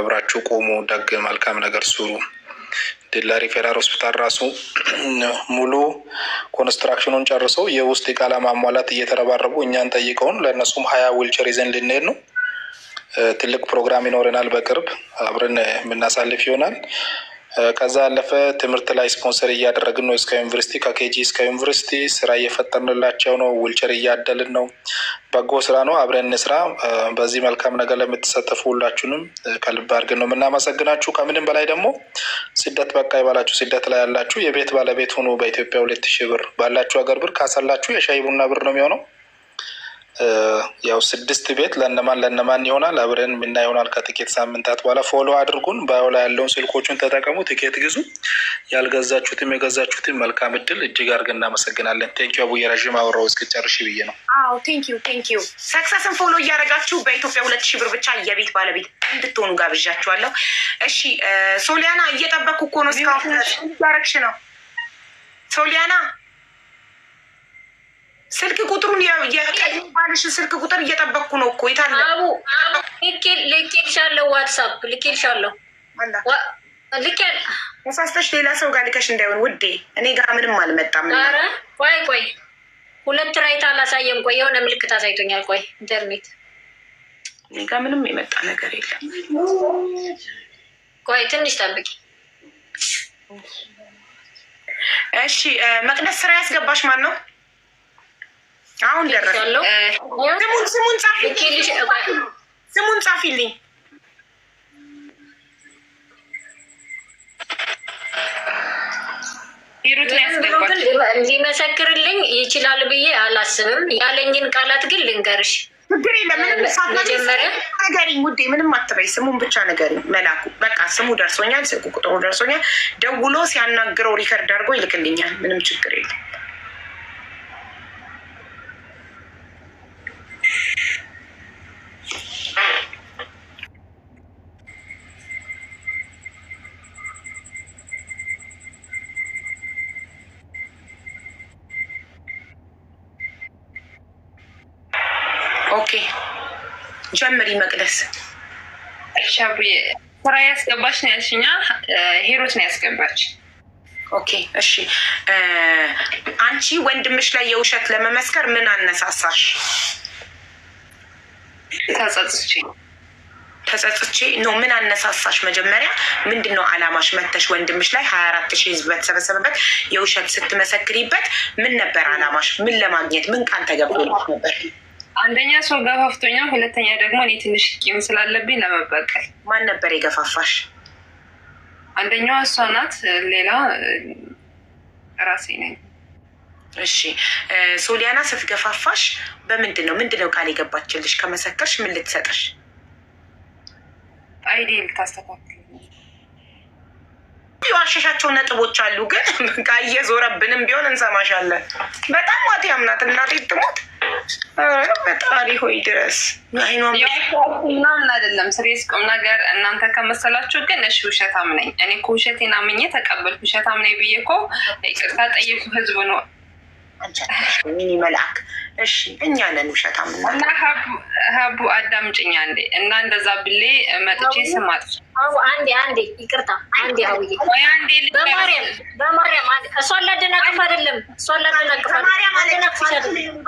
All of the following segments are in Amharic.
አብራችሁ ቆሙ፣ ደግ መልካም ነገር ስሩ። ዲላሪ ፌዴራል ሆስፒታል ራሱ ሙሉ ኮንስትራክሽኑን ጨርሰው የውስጥ የቃላ ማሟላት እየተረባረቡ እኛን ጠይቀውን ለእነሱም ሀያ ዊልቸር ይዘን ልንሄድ ነው። ትልቅ ፕሮግራም ይኖረናል። በቅርብ አብረን የምናሳልፍ ይሆናል። ከዛ ያለፈ ትምህርት ላይ ስፖንሰር እያደረግን ነው። እስከ ዩኒቨርሲቲ ከኬጂ እስከ ዩኒቨርሲቲ ስራ እየፈጠርንላቸው ነው። ውልቸር እያደልን ነው። በጎ ስራ ነው። አብረን ስራ። በዚህ መልካም ነገር ለምትሳተፉ ሁላችሁንም ከልብ አድርገን ነው የምናመሰግናችሁ። ከምንም በላይ ደግሞ ስደት በቃ ይባላችሁ። ስደት ላይ ያላችሁ የቤት ባለቤት ሆኖ በኢትዮጵያ ሁለት ሺህ ብር ባላችሁ ሀገር ብር ካሰላችሁ የሻይ ቡና ብር ነው የሚሆነው ያው ስድስት ቤት ለነማን ለነማን ይሆናል አብረን የምና ይሆናል። ከትኬት ሳምንታት በኋላ ፎሎ አድርጉን። ባዮ ላይ ያለውን ስልኮቹን ተጠቀሙ፣ ትኬት ግዙ። ያልገዛችሁትም የገዛችሁትም መልካም እድል። እጅግ አድርገን እናመሰግናለን። ቴንኪዩ አቡዬ። ረዥም አወራሁ እስክጨርሽ ብዬ ነው። አዎ ቴንኪዩ ቴንኪዩ። ሰክሰስን ፎሎ እያደረጋችሁ በኢትዮጵያ ሁለት ሺህ ብር ብቻ የቤት ባለቤት እንድትሆኑ ጋብዣችኋለሁ። እሺ ሶሊያና እየጠበቅኩ እኮ ነው። እስካሁን እያረግሽ ነው ሶሊያና ስልክ ቁጥሩን የቀድሞ ባልሽን ስልክ ቁጥር እየጠበቅኩ ነው እኮ የታለ? ልኬልሻለሁ፣ ዋትሳፕ ልኬልሻለሁ። ተሳስተሽ ሌላ ሰው ጋር ልከሽ እንዳይሆን ውዴ፣ እኔ ጋር ምንም አልመጣም። ቆይ ቆይ፣ ሁለት ራይት አላሳየም። ቆይ የሆነ ምልክት አሳይቶኛል። ቆይ ኢንተርኔት፣ እኔ ጋር ምንም የመጣ ነገር የለም። ቆይ ትንሽ ጠብቂ እሺ። መቅደስ ስራ ያስገባሽ ማን ነው? አሁን ደረሰው። ስሙን ስሙን ጻፊልኝ። ሊመሰክርልኝ ይችላል ብዬ አላስብም። ያለኝን ቃላት ግን ልንገርሽ። ችግር የለም። መጀመሪያ ውዴ፣ ምንም አትበይ። ስሙን ብቻ ነገሪ። መላኩ በቃ ስሙ ደርሶኛል፣ ስልኩ ቁጥሩ ደርሶኛል። ደውሎ ሲያናግረው ሪከርድ አድርጎ ይልክልኛል። ምንም ችግር የለም። ጀምሪ መቅደስ። ሻብዬ ስራ ያስገባች ነው ያልሽኛ? ሄሮት ነው ያስገባች። ኦኬ እሺ። አንቺ ወንድምሽ ላይ የውሸት ለመመስከር ምን አነሳሳሽ? ተጸጽቼ ተጸጽቼ ነው። ምን አነሳሳሽ? መጀመሪያ ምንድን ነው አላማሽ? መተሽ ወንድምሽ ላይ ሀያ አራት ሺህ ህዝብ በተሰበሰበበት የውሸት ስትመሰክሪበት ምን ነበር አላማሽ? ምን ለማግኘት ምን ቃል ተገብቶልሽ ነበር? አንደኛ ሰው ገፋፍቶኛ፣ ሁለተኛ ደግሞ እኔ ትንሽ ቂም ስላለብኝ ለመበቀል። ማን ነበር የገፋፋሽ? አንደኛዋ እሷ ናት፣ ሌላ ራሴ ነኝ። እሺ ሶሊያና ስትገፋፋሽ በምንድን ነው ምንድን ነው ቃል የገባችልሽ? ከመሰከርሽ ምን ልትሰጠሽ? አይዲ ልታስተካክል የዋሸሻቸው ነጥቦች አሉ፣ ግን ዞረብንም ቢሆን እንሰማሻለን። በጣም ዋት ያምናት እናቴ ትሞት ፈጣሪ ሆይ ድረስ ምናምን አይደለም። ስሬስ ቁም ነገር እናንተ ከመሰላችሁ ግን እሺ ውሸታም ነኝ እኔ እኮ ውሸቴን አምኜ ተቀበልኩ። ውሸታም ነኝ ብዬ እኮ ይቅርታ ጠየቁ ህዝብ ነው ሚኒ መልአክ እሺ፣ እኛ ነን ውሸታም እና ሀቡ አንዴ። እና እንደዛ ብሌ መጥቼ ስም አንዴ አንዴ፣ ይቅርታ አንዴ፣ አውዬ በማርያም በማርያም እሷን ላደናቅፍ አይደለም፣ እሷን ላደናቅፍ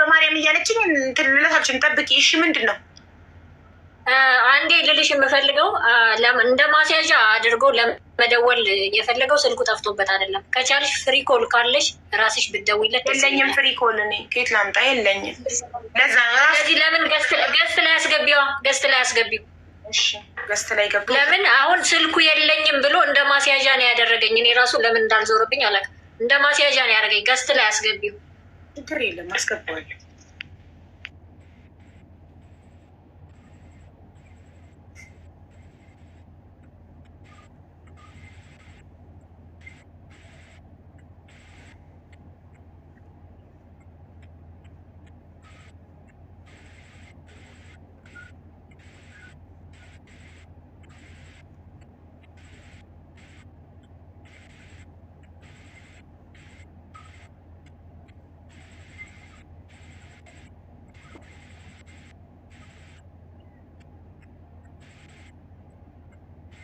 በማርያም እያለችኝ ትልለታችን ጠብቂ። እሺ፣ ምንድን ነው አንዴ ልልሽ የምፈልገው እንደ ማስያዣ አድርጎ ለመደወል የፈለገው ስልኩ ጠፍቶበት አይደለም። ከቻልሽ ፍሪኮል ካለሽ ራስሽ ብትደውይለት። የለኝም ፍሪኮል፣ እኔ ኬት ላምጣ? የለኝም። ስለዚህ ለምን ገስት ላይ አስገቢዋ፣ ገስት ላይ አስገቢው። ለምን አሁን ስልኩ የለኝም ብሎ እንደ ማስያዣ ነው ያደረገኝ። እኔ ራሱ ለምን እንዳልዞርብኝ አላውቅም። እንደ ማስያዣ ነው ያደረገኝ። ገስት ላይ አስገቢው፣ ችግር የለም አስገባዋለሁ።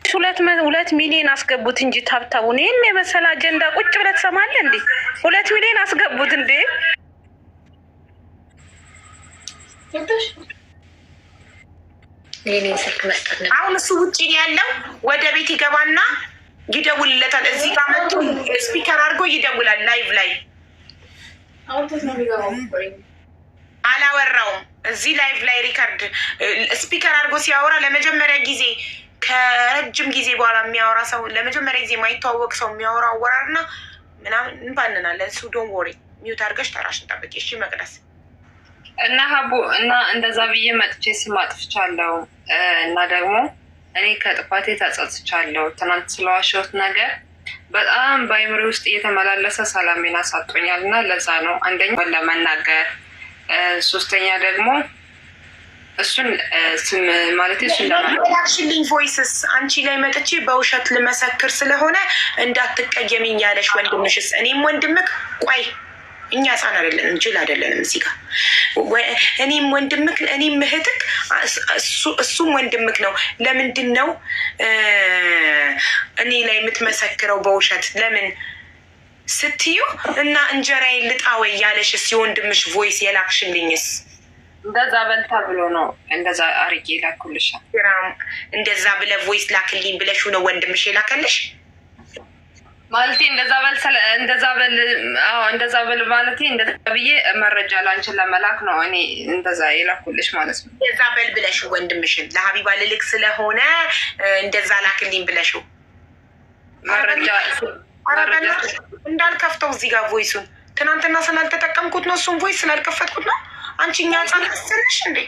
ሰዎች ሁለት ሁለት ሚሊዮን አስገቡት እንጂ ታብታቡ ይህም የመሰለ አጀንዳ ቁጭ ብለህ ትሰማለህ እንዴ? ሁለት ሚሊዮን አስገቡት እንዴ! አሁን እሱ ውጭ ነው ያለው። ወደ ቤት ይገባና ይደውልለታል። እዚህ ጋር መጥቶ ስፒከር አድርጎ ይደውላል። ላይቭ ላይ አላወራውም። እዚህ ላይቭ ላይ ሪከርድ ስፒከር አድርጎ ሲያወራ ለመጀመሪያ ጊዜ ከረጅም ጊዜ በኋላ የሚያወራ ሰው ለመጀመሪያ ጊዜ የማይተዋወቅ ሰው የሚያወራ አወራር እና ምናምን እንባንናለን። ሱ ዶን ወሬ ሚውት አድርገሽ ተራሽ ጠብቂ እሺ መቅደስ እና ሀቡ እና እንደዛ ብዬ መጥቼ ስም አጥፍቻለሁ እና ደግሞ እኔ ከጥፋቴ ተጸጽቻለሁ። ትናንት ስለዋሸሁት ነገር በጣም በአይምሪ ውስጥ እየተመላለሰ ሰላሜን አሳጦኛል እና ለዛ ነው አንደኛ ለመናገር ሶስተኛ ደግሞ እሱን ስም ማለት ላክሽልኝ ቮይስስ አንቺ ላይ መጥቼ በውሸት ልመሰክር ስለሆነ እንዳትቀየሚኝ ያለሽ ወንድምሽስ? እኔም ወንድምክ ቆይ እኛ ህፃን አይደለንም፣ ጅል አይደለንም። እዚህ ጋር እኔም ወንድምክ እኔም እህትክ እሱም ወንድምክ ነው። ለምንድን ነው እኔ ላይ የምትመሰክረው በውሸት ለምን ስትዩ እና እንጀራዬን ልጣ ወይ ያለሽስ የወንድምሽ ቮይስ የላክሽልኝስ እንደዛ በልታ ብሎ ነው እንደዛ አርጌ ላኩልሽ። እንደዛ ብለ ቮይስ ላክልኝ ብለሽ ነው ወንድምሽ የላከልሽ ማለት እንደዛ በል እንደዛ በል እንደዛ በል ማለት እንደዛ ብዬ መረጃ ላንችን ለመላክ ነው። እኔ እንደዛ የላኩልሽ ማለት ነው። እንደዛ በል ብለሽ ወንድምሽን ለሀቢባ ልልክ ስለሆነ እንደዛ ላክልኝ ብለሽው መረጃ እንዳልከፍተው እዚህ ጋር ቮይሱን ትናንትና ስላልተጠቀምኩት ነው እሱን ቮይስ ስላልከፈትኩት ነው አንቺ እኛ ህፃን ትንሽ እንዴ?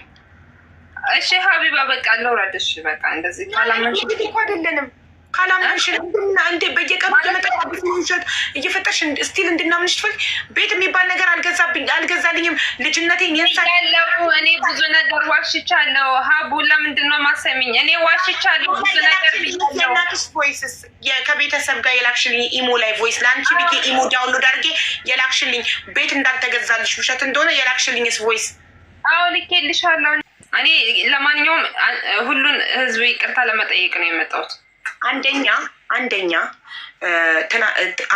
እሺ ሀቢባ በቃ ለውራደሽ በቃ እንደዚህ ካላመንሽ አይደለንም ካላምንሽ እንድና እንደ በየቀኑ የመጠቃብሽ ውሸት እየፈጠሽ ስቲል እንድናምንሽ ትፈል ቤት የሚባል ነገር አልገዛብኝ አልገዛልኝም ልጅነቴን የሳለሁ እኔ ብዙ ነገር ዋሽቻለሁ። ሀቡ ለምንድን ነው ማሰሚኝ? እኔ ዋሽቻለሁ ብዙ ነገር ናቅስ ቮይስስ ከቤተሰብ ጋር የላክሽልኝ ኢሞ ላይ ቮይስ ለአንቺ ብዬ ኢሞ ዳውንሎድ አድርጌ የላክሽልኝ ቤት እንዳልተገዛልሽ ውሸት እንደሆነ የላክሽልኝስ ቮይስ አዎ ልኬልሻለሁ። እኔ ለማንኛውም ሁሉን ህዝብ ይቅርታ ለመጠየቅ ነው የመጣሁት። አንደኛ አንደኛ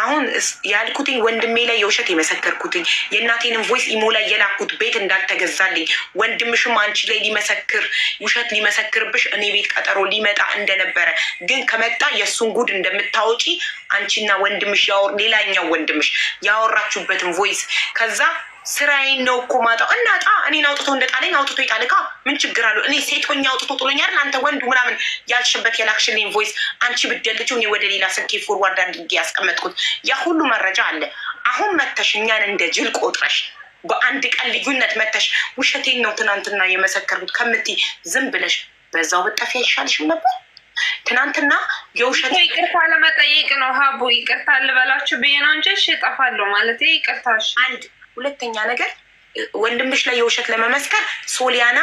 አሁን ያልኩትኝ ወንድሜ ላይ የውሸት የመሰከርኩትኝ የእናቴንም ቮይስ ኢሞ ላይ የላኩት ቤት እንዳልተገዛልኝ ወንድምሽም አንቺ ላይ ሊመሰክር ውሸት ሊመሰክርብሽ እኔ ቤት ቀጠሮ ሊመጣ እንደነበረ ግን ከመጣ የእሱን ጉድ እንደምታወጪ አንቺና ወንድምሽ ሌላኛው ወንድምሽ ያወራችሁበትን ቮይስ ከዛ ስራዬን ነው እኮ ማጣው እናጣ እኔን አውጥቶ እንደጣለኝ አውጥቶ ይጣልካ ምን ችግር አለው? እኔ ሴት ሆኜ አውጥቶ ጥሎኛል፣ አንተ ወንድ ምናምን ያልሽበት የላክሽልኝ ቮይስ አንቺ ብትደልጪው እኔ ወደ ሌላ ስልኬ ፎርዋርድ አድርጌ ያስቀመጥኩት ያ ሁሉ መረጃ አለ። አሁን መተሽ እኛን እንደ ጅል ቆጥረሽ በአንድ ቀን ልዩነት መተሽ ውሸቴን ነው ትናንትና የመሰከርኩት ከምትይ ዝም ብለሽ በዛው ብጠፊ አይሻልሽም ነበር? ትናንትና የውሸት ይቅርታ ለመጠየቅ ነው ሀቡ ይቅርታ ልበላችሁ ብዬ ነው እንጂ እሺ እጠፋለሁ ማለት ይቅርታሽ አንድ ሁለተኛ ነገር ወንድምሽ ላይ የውሸት ለመመስከር ሶሊያና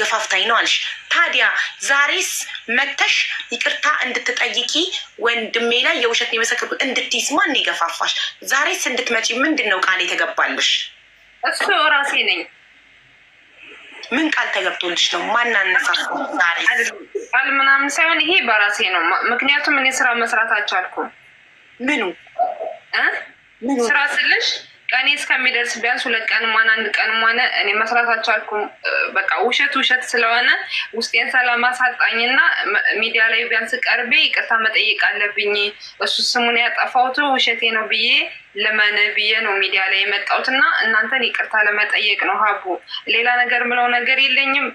ገፋፍታኝ ነው አልሽ። ታዲያ ዛሬስ መተሽ ይቅርታ እንድትጠይቂ ወንድሜ ላይ የውሸት የመሰከርኩት እንድትይስ ማን ይገፋፋሽ? ዛሬስ እንድትመጪ ምንድን ነው ቃል የተገባልሽ? እሱ ራሴ ነኝ። ምን ቃል ተገብቶልሽ ነው? ማን አነሳሱ? ዛሬ ቃል ምናምን ሳይሆን ይሄ በራሴ ነው። ምክንያቱም እኔ ስራ መስራት አልቻልኩም። ምኑ ስራ ስልሽ ቀኔ እስከሚደርስ ቢያንስ ሁለት ቀን ሆነ አንድ ቀን ሆነ እኔ መስራታቸው አልኩም። በቃ ውሸት ውሸት ስለሆነ ውስጤን ሰላም እና ሚዲያ ላይ ቢያንስ ቀርቤ ይቅርታ መጠየቅ አለብኝ። እሱ ስሙን ያጠፋውቱ ውሸቴ ነው ብዬ ልመን ብዬ ነው ሚዲያ ላይ የመጣሁት እና እናንተን ይቅርታ ለመጠየቅ ነው። ሀቡ ሌላ ነገር ምለው ነገር የለኝም።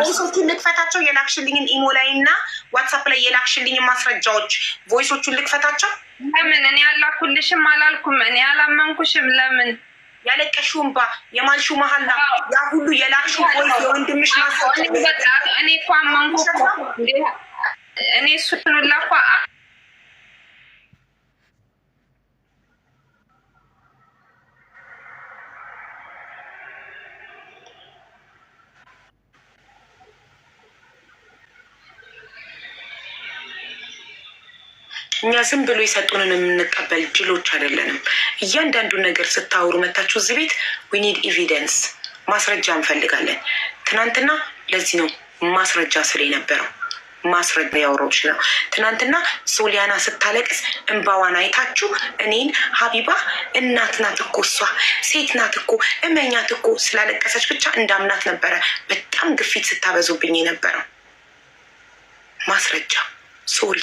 ቮይሶቹን ልክፈታቸው፣ የላክሽልኝን ኢሞ ላይ እና ዋትሳፕ ላይ የላክሽልኝ ማስረጃዎች ቮይሶቹን ልክፈታቸው። ለምን እኔ ያላኩልሽም አላልኩም፣ እኔ ያላመንኩሽም። ለምን ያለቀሽው የማልሹ የማልሽው መሀላ፣ ያ ሁሉ የላክሹ ቮይስ የወንድምሽ ማስረጃ እኔ እኮ አመንኩ እኔ እሱን ሁላ እኮ እኛ ዝም ብሎ የሰጡንን የምንቀበል ጅሎች አይደለንም። እያንዳንዱን ነገር ስታወሩ መታችሁ እዚህ ቤት ዊኒድ ኤቪደንስ ማስረጃ እንፈልጋለን። ትናንትና ለዚህ ነው ማስረጃ ስለ ነበረው ማስረጃ ያወራው ነው። ትናንትና ሶሊያና ስታለቅስ እንባዋን አይታችሁ እኔን ሀቢባ እናት ናት እኮ እሷ ሴት ናት እኮ እመኛት እኮ ስላለቀሰች ብቻ እንዳምናት ነበረ በጣም ግፊት ስታበዙብኝ የነበረው ማስረጃ ሶሪ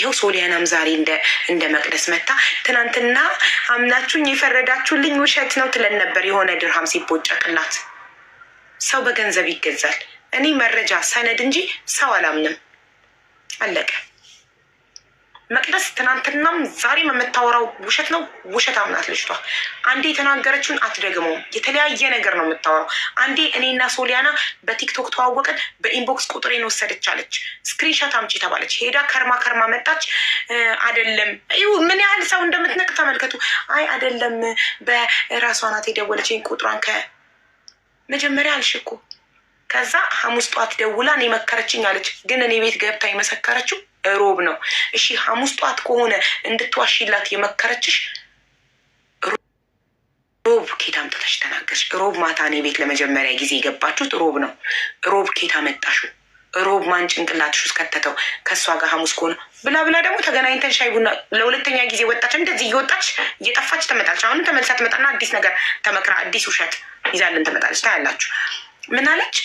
ይኸው ሶሊያናም ዛሬ እንደ መቅደስ መታ ትናንትና አምናችሁኝ የፈረዳችሁልኝ ውሸት ነው ትለን ነበር። የሆነ ድርሃም ሲቦጨቅላት ሰው በገንዘብ ይገዛል። እኔ መረጃ ሰነድ እንጂ ሰው አላምንም። አለቀ። መቅደስ ትናንትናም ዛሬም የምታወራው ውሸት ነው። ውሸት አምናት ልጅቷ። አንዴ የተናገረችውን አትደግመውም። የተለያየ ነገር ነው የምታወራው። አንዴ እኔና ሶሊያና በቲክቶክ ተዋወቀን፣ በኢንቦክስ ቁጥሬን ወሰደች አለች። ስክሪንሻት አምጪ ተባለች። ሄዳ ከርማ ከርማ መጣች። አደለም ምን ያህል ሰው እንደምትነቅ ተመልከቱ። አይ አደለም በራሷ ናት የደወለች ቁጥሯን ከመጀመሪያ አልሽኮ። ከዛ ሐሙስ ጠዋት ደውላ እኔ መከረችኝ አለች። ግን እኔ ቤት ገብታ የመሰከረችው ሮብ ነው። እሺ ሐሙስ ጧት ከሆነ እንድትዋሽላት የመከረችሽ ሮብ ኬት አምጥተሽ ተናገርሽ? ሮብ ማታ ነው ቤት ለመጀመሪያ ጊዜ የገባችሁት። ሮብ ነው። ሮብ ኬታ መጣሹ? ሮብ ማን ጭንቅላትሽ ውስጥ ከተተው? ከእሷ ጋር ሐሙስ ከሆነ ብላ ብላ ደግሞ ተገናኝተን ሻይ ቡና ለሁለተኛ ጊዜ ወጣች። እንደዚህ እየወጣች እየጠፋች ትመጣለች። አሁንም ተመልሳ ትመጣና አዲስ ነገር ተመክራ አዲስ ውሸት ይዛልን ትመጣለች። ታያላችሁ። ምን አለች?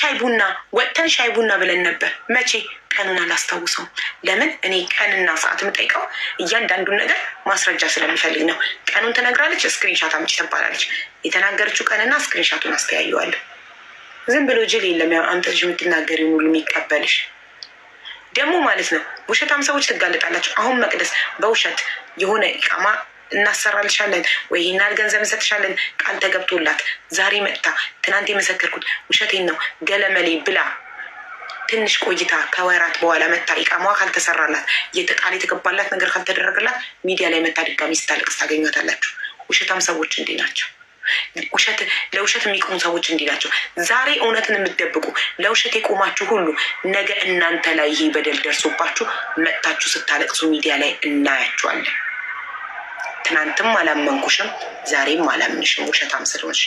ሻይ ቡና ወጥተን ሻይ ቡና ብለን ነበር። መቼ ቀኑን አላስታውሰውም። ለምን እኔ ቀንና ሰዓት የምጠይቀው እያንዳንዱን ነገር ማስረጃ ስለሚፈልግ ነው። ቀኑን ትነግራለች፣ ስክሪንሻት አምጪ ትባላለች። የተናገረችው ቀንና ስክሪንሻቱን አስተያየዋለሁ። ዝም ብሎ ጅል የለም አምጥተሽ የምትናገሪውን ሙሉ የሚቀበልሽ ደግሞ ማለት ነው። ውሸታም ሰዎች ትጋለጣላችሁ። አሁን መቅደስ በውሸት የሆነ ቃማ እናሰራልሻለን ወይ ይህን ገንዘብ እንሰጥሻለን ቃል ተገብቶላት ዛሬ መጥታ ትናንት የመሰከርኩት ውሸቴን ነው ገለመሌ ብላ ትንሽ ቆይታ ከወራት በኋላ መታ ኢቃሟ ካልተሰራላት የተቃል የተገባላት ነገር ካልተደረገላት ሚዲያ ላይ መታ ድጋሚ ስታለቅስ ታገኟታላችሁ። ውሸታም ሰዎች እንዲህ ናቸው። ውሸት ለውሸት የሚቆሙ ሰዎች እንዲህ ናቸው። ዛሬ እውነትን የምትደብቁ ለውሸት የቆማችሁ ሁሉ ነገ እናንተ ላይ ይሄ በደል ደርሶባችሁ መጥታችሁ ስታለቅሱ ሚዲያ ላይ እናያችኋለን። ትናንትም አላመንኩሽም፣ ዛሬም አላምንሽም ውሸታም ስለሆንሽ።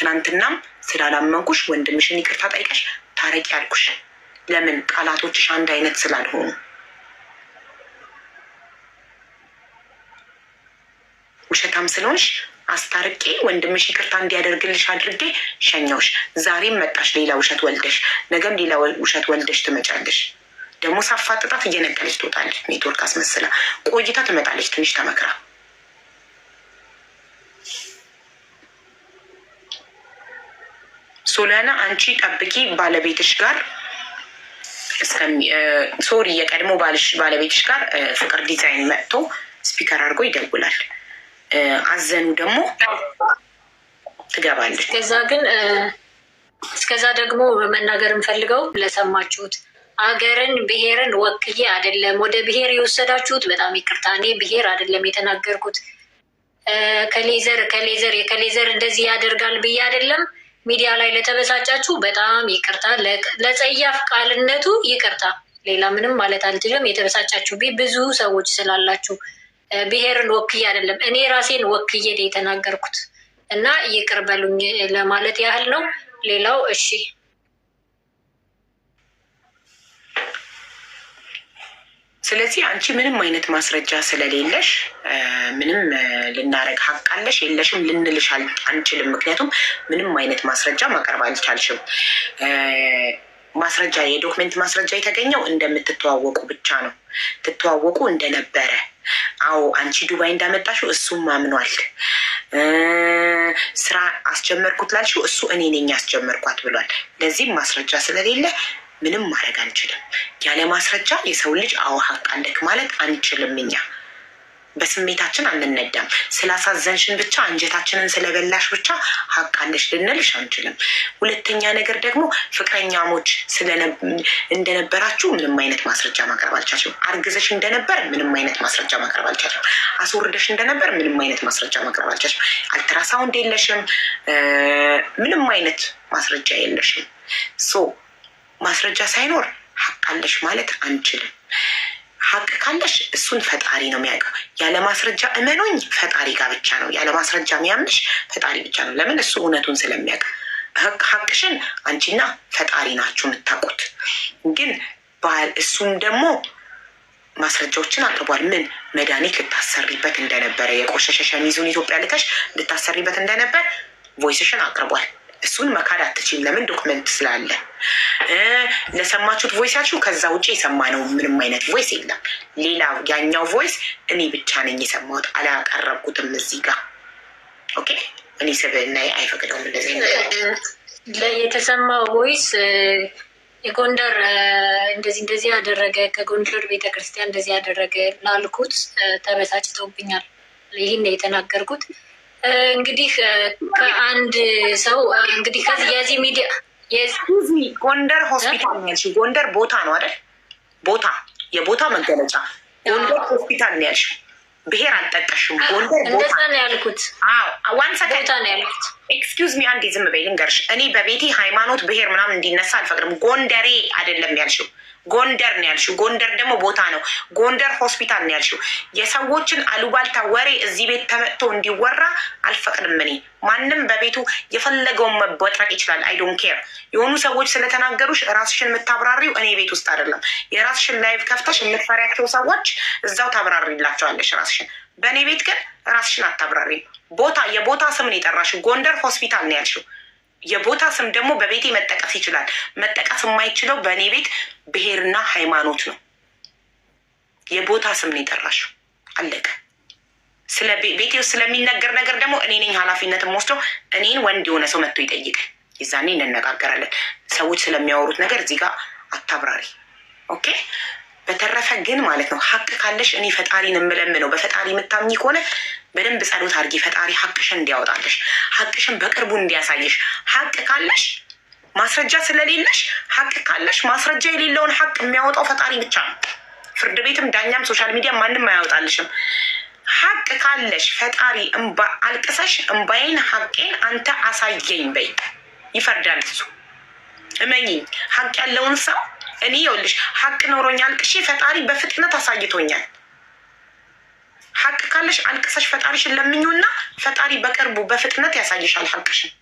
ትናንትናም ስላላመንኩሽ ወንድምሽን ይቅርታ ጠይቀሽ ታረቂ አልኩሽ። ለምን ቃላቶችሽ አንድ አይነት ስላልሆኑ ውሸታም ስለሆንሽ አስታርቄ ወንድምሽ ይቅርታ እንዲያደርግልሽ አድርጌ ሸኛውሽ። ዛሬም መጣሽ ሌላ ውሸት ወልደሽ፣ ነገም ሌላ ውሸት ወልደሽ ትመጫለሽ። ደግሞ ሳፋ ጥጣት እየነቀለች ትወጣለች። ኔትወርክ አስመስላ ቆይታ ትመጣለች። ትንሽ ተመክራ ሶሊያና አንቺ ጠብቂ ባለቤትሽ ጋር ሶሪ የቀድሞ ባልሽ ባለቤትሽ ጋር ፍቅር ዲዛይን መጥቶ ስፒከር አድርጎ ይደውላል። አዘኑ ደግሞ ትገባለች። እስከዛ ግን እስከዛ ደግሞ መናገር የምፈልገው ለሰማችሁት አገርን ብሔርን ወክዬ አይደለም ወደ ብሔር የወሰዳችሁት በጣም ይቅርታ። እኔ ብሔር አይደለም የተናገርኩት ከሌዘር ከሌዘር የከሌዘር እንደዚህ ያደርጋል ብዬ አይደለም ሚዲያ ላይ ለተበሳጫችሁ በጣም ይቅርታ፣ ለጸያፍ ቃልነቱ ይቅርታ። ሌላ ምንም ማለት አልችልም። የተበሳጫችሁ ብዙ ሰዎች ስላላችሁ ብሔርን ወክዬ አይደለም እኔ ራሴን ወክዬ የተናገርኩት እና ይቅር በሉኝ ለማለት ያህል ነው። ሌላው እሺ ስለዚህ አንቺ ምንም አይነት ማስረጃ ስለሌለሽ ምንም ልናረግ ሀቃለሽ የለሽም ልንልሽ አንችልም። ምክንያቱም ምንም አይነት ማስረጃ ማቅረብ አልቻልሽም። ማስረጃ የዶክመንት ማስረጃ የተገኘው እንደምትተዋወቁ ብቻ ነው። ትተዋወቁ እንደነበረ አዎ፣ አንቺ ዱባይ እንዳመጣሽው እሱም አምኗል። ስራ አስጀመርኩት ላልሽው እሱ እኔ ነኝ ያስጀመርኳት ብሏል። ለዚህም ማስረጃ ስለሌለ ምንም ማድረግ አንችልም። ያለ ማስረጃ የሰው ልጅ አዎ ሀቅ አለክ ማለት አንችልም። እኛ በስሜታችን አንነዳም። ስላሳዘንሽን ብቻ አንጀታችንን ስለበላሽ ብቻ ሀቅ አለሽ ልንልሽ አንችልም። ሁለተኛ ነገር ደግሞ ፍቅረኛሞች እንደነበራችሁ ምንም አይነት ማስረጃ ማቅረብ አልቻልሽም። አርግዘሽ እንደነበር ምንም አይነት ማስረጃ ማቅረብ አልቻልሽም። አስወርደሽ እንደነበር ምንም አይነት ማስረጃ ማቅረብ አልቻልሽም። አልትራሳውንድ የለሽም። ምንም አይነት ማስረጃ የለሽም ማስረጃ ሳይኖር ሀቅ አለሽ ማለት አንችልም። ሀቅ ካለሽ እሱን ፈጣሪ ነው የሚያውቀው። ያለ ማስረጃ እመኖኝ ፈጣሪ ጋር ብቻ ነው ያለ ማስረጃ የሚያምንሽ ፈጣሪ ብቻ ነው። ለምን እሱ እውነቱን ስለሚያውቅ ሀቅሽን አንቺና ፈጣሪ ናችሁ የምታውቁት። ግን ባል እሱም ደግሞ ማስረጃዎችን አቅርቧል። ምን መድኃኒት ልታሰሪበት እንደነበረ የቆሸሸ ሸሚዙን ኢትዮጵያ ልከሽ ልታሰሪበት እንደነበር ቮይስሽን አቅርቧል። እሱን መካድ አትችልም። ለምን ዶክመንት ስላለ ለሰማችሁት ቮይሳችሁ ከዛ ውጭ የሰማነው ምንም አይነት ቮይስ የለም። ሌላ ያኛው ቮይስ እኔ ብቻ ነኝ የሰማሁት፣ አላቀረብኩትም እዚህ ጋር ኦኬ። እኔ ስብዕና አይፈቅደውም እንደዚህ የተሰማው ቮይስ የጎንደር እንደዚህ እንደዚህ ያደረገ ከጎንደር ቤተክርስቲያን እንደዚህ ያደረገ ላልኩት ተበሳጭተውብኛል። ይህን የተናገርኩት እንግዲህ ከአንድ ሰው እንግዲህ ከዚህ የዚህ ሚዲያ ጎንደር ሆስፒታል ነው ያልሽው። ጎንደር ቦታ ነው አይደል? ቦታ የቦታ መገለጫ ጎንደር ሆስፒታል ነው ያልሽው። ብሔር አልጠቀሽም። ጎንደር ቦታ ነው ያልኩት። ዋን ሰከንድ ነው ያልኩት። ኤክስኪውዝ ሚ አንዴ ዝም በይ ልንገርሽ። እኔ በቤቴ ሃይማኖት፣ ብሔር ምናምን እንዲነሳ አልፈቅድም። ጎንደሬ አይደለም ያልሽው ጎንደር ነው ያልሽው። ጎንደር ደግሞ ቦታ ነው። ጎንደር ሆስፒታል ነው ያልሽው። የሰዎችን አሉባልታ ወሬ እዚህ ቤት ተመጥቶ እንዲወራ አልፈቅድም እኔ። ማንም በቤቱ የፈለገውን መበጥረቅ ይችላል። አይዶን ኬር የሆኑ ሰዎች ስለተናገሩሽ ራስሽን የምታብራሪው እኔ ቤት ውስጥ አይደለም። የራስሽን ላይቭ ከፍተሽ የምትፈሪያቸው ሰዎች እዛው ታብራሪላቸዋለሽ ራስሽን። በእኔ ቤት ግን ራስሽን አታብራሪም። ቦታ የቦታ ስምን የጠራሽው ጎንደር ሆስፒታል ነው ያልሽው። የቦታ ስም ደግሞ በቤቴ መጠቀስ ይችላል። መጠቀስ የማይችለው በእኔ ቤት ብሔርና ሃይማኖት ነው። የቦታ ስም ነው የጠራሽው። አለቀ። ስለ ቤቴ ውስጥ ስለሚነገር ነገር ደግሞ እኔ ነኝ ኃላፊነትም ወስደው እኔን ወንድ የሆነ ሰው መጥቶ ይጠይቅ። ይዛኔ እንነጋገራለን። ሰዎች ስለሚያወሩት ነገር እዚህ ጋር አታብራሪ። ኦኬ በተረፈ ግን ማለት ነው ሀቅ ካለሽ እኔ ፈጣሪን የምለምነው በፈጣሪ የምታምኝ ከሆነ በደንብ ጸሎት አድርጊ። ፈጣሪ ሀቅሽን እንዲያወጣለሽ፣ ሀቅሽን በቅርቡ እንዲያሳይሽ። ሀቅ ካለሽ ማስረጃ ስለሌለሽ፣ ሀቅ ካለሽ ማስረጃ የሌለውን ሀቅ የሚያወጣው ፈጣሪ ብቻ ነው። ፍርድ ቤትም፣ ዳኛም፣ ሶሻል ሚዲያ ማንም አያወጣልሽም። ሀቅ ካለሽ ፈጣሪ እምባ አልቅሰሽ እምባዬን ሀቄን አንተ አሳየኝ በይ፣ ይፈርዳል እሱ። እመኝኝ ሀቅ ያለውን ሰው እኔ ይኸውልሽ ሀቅ ኖሮኝ አልቅሼ ፈጣሪ በፍጥነት አሳይቶኛል። ሀቅ ካለሽ አልቅሰሽ ፈጣሪሽን ለምኙና ፈጣሪ በቅርቡ በፍጥነት ያሳይሻል ሀቅሽን።